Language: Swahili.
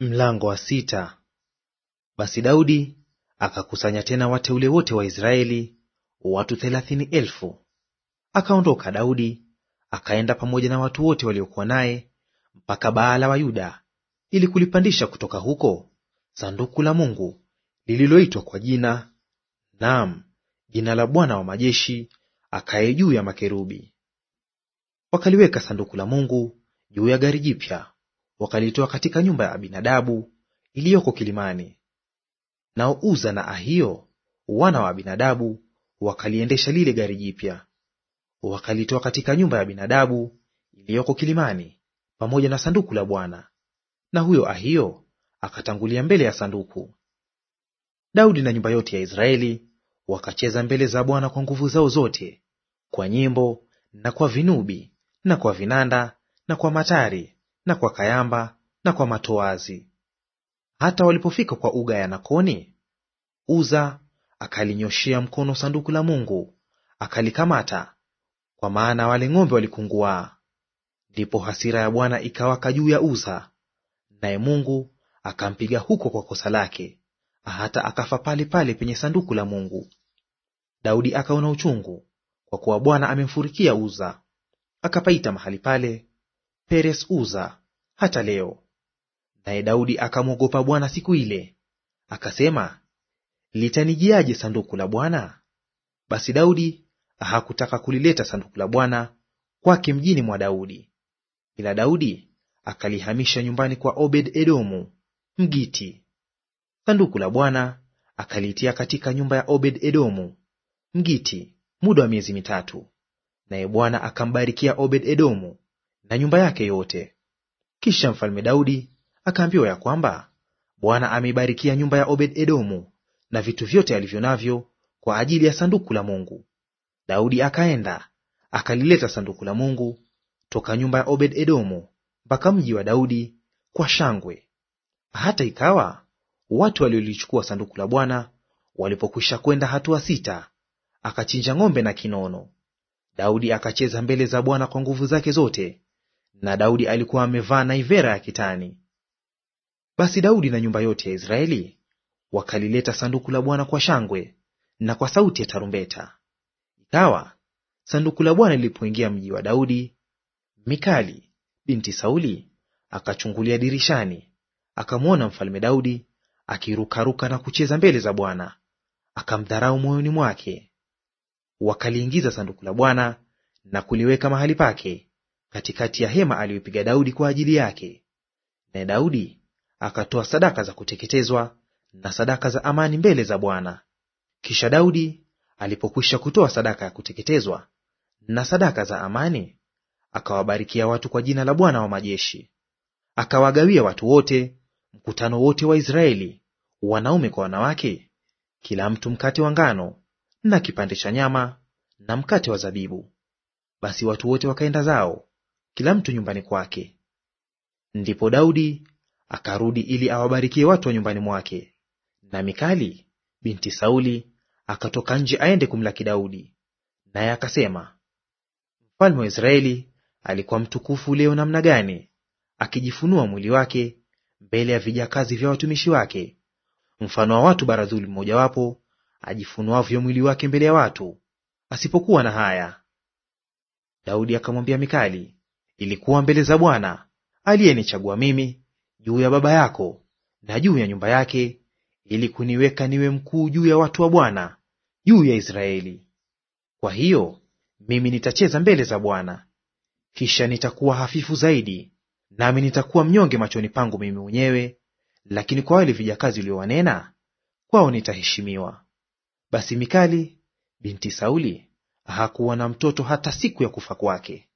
Mlango wa sita. Basi Daudi akakusanya tena wateule wote wa Israeli watu thelathini elfu. Akaondoka Daudi akaenda pamoja na watu wote waliokuwa naye mpaka Baala wa Yuda, ili kulipandisha kutoka huko sanduku la Mungu lililoitwa kwa jina, naam, jina la Bwana wa majeshi akaye juu ya makerubi. Wakaliweka sanduku la Mungu juu ya gari jipya wakalitoa katika nyumba ya Abinadabu iliyoko kilimani. Nao Uza na Ahio wana wa Abinadabu wakaliendesha lile gari jipya, wakalitoa katika nyumba ya Abinadabu iliyoko kilimani pamoja na sanduku la Bwana, na huyo Ahio akatangulia mbele ya sanduku. Daudi na nyumba yote ya Israeli wakacheza mbele za Bwana kwa nguvu zao zote, kwa nyimbo na kwa vinubi na kwa vinanda na kwa matari na kwa Kayamba na kwa matoazi. Hata walipofika kwa uga ya Nakoni, Uza akalinyoshea mkono sanduku la Mungu akalikamata, kwa maana wale ng'ombe walikunguaa. Ndipo hasira ya Bwana ikawaka juu ya Uza, naye Mungu akampiga huko kwa kosa lake, hata akafa pale pale penye sanduku la Mungu. Daudi akaona uchungu, kwa kuwa Bwana amemfurikia Uza. Akapaita mahali pale Peres Uza, hata leo. Naye Daudi akamwogopa Bwana siku ile, akasema, litanijiaje sanduku la Bwana? Basi Daudi hakutaka kulileta sanduku la Bwana kwake mjini mwa Daudi, ila Daudi akalihamisha nyumbani kwa Obed Edomu Mgiti. Sanduku la Bwana akalitia katika nyumba ya Obed Edomu Mgiti muda wa miezi mitatu, naye Bwana akambarikia Obed Edomu na nyumba yake yote. Kisha mfalme Daudi akaambiwa ya kwamba Bwana ameibarikia nyumba ya Obed-Edomu na vitu vyote alivyo navyo kwa ajili ya sanduku la Mungu. Daudi akaenda akalileta sanduku la Mungu toka nyumba ya Obed-Edomu mpaka mji wa Daudi kwa shangwe. Hata ikawa watu waliolichukua sanduku la Bwana walipokwisha kwenda hatua sita, akachinja ng'ombe na kinono. Daudi akacheza mbele za Bwana kwa nguvu zake zote, na Daudi alikuwa amevaa naivera ya kitani. Basi Daudi na nyumba yote ya Israeli wakalileta sanduku la Bwana kwa shangwe na kwa sauti ya tarumbeta. Ikawa sanduku la Bwana lilipoingia mji wa Daudi, Mikali binti Sauli akachungulia dirishani, akamwona mfalme Daudi akirukaruka na kucheza mbele za Bwana, akamdharau moyoni mwake. Wakaliingiza sanduku la Bwana na kuliweka mahali pake katikati ya hema aliyoipiga Daudi kwa ajili yake. Naye Daudi akatoa sadaka za kuteketezwa na sadaka za amani mbele za Bwana. Kisha Daudi alipokwisha kutoa sadaka ya kuteketezwa na sadaka za amani, akawabarikia watu kwa jina la Bwana wa majeshi. Akawagawia watu wote, mkutano wote wa Israeli, wanaume kwa wanawake, kila mtu mkate wa ngano na kipande cha nyama na mkate wa zabibu. Basi watu wote wakaenda zao kila mtu nyumbani kwake. Ndipo Daudi akarudi ili awabarikie watu wa nyumbani mwake, na Mikali binti Sauli akatoka nje aende kumlaki Daudi, naye akasema, mfalme wa Israeli alikuwa mtukufu leo namna gani, akijifunua mwili wake mbele ya vijakazi vya watumishi wake, mfano wa watu baradhuli mmojawapo ajifunuavyo mwili wake mbele ya watu, asipokuwa na haya. Daudi akamwambia Mikali, ilikuwa mbele za Bwana aliyenichagua mimi juu ya baba yako na juu ya nyumba yake, ili kuniweka niwe mkuu juu ya watu wa Bwana, juu ya Israeli. Kwa hiyo mimi nitacheza mbele za Bwana, kisha nitakuwa hafifu zaidi, nami nitakuwa mnyonge machoni pangu mimi mwenyewe, lakini kwa wale vijakazi uliowanena, kwao nitaheshimiwa. Basi Mikali binti Sauli hakuwa na mtoto hata siku ya kufa kwake.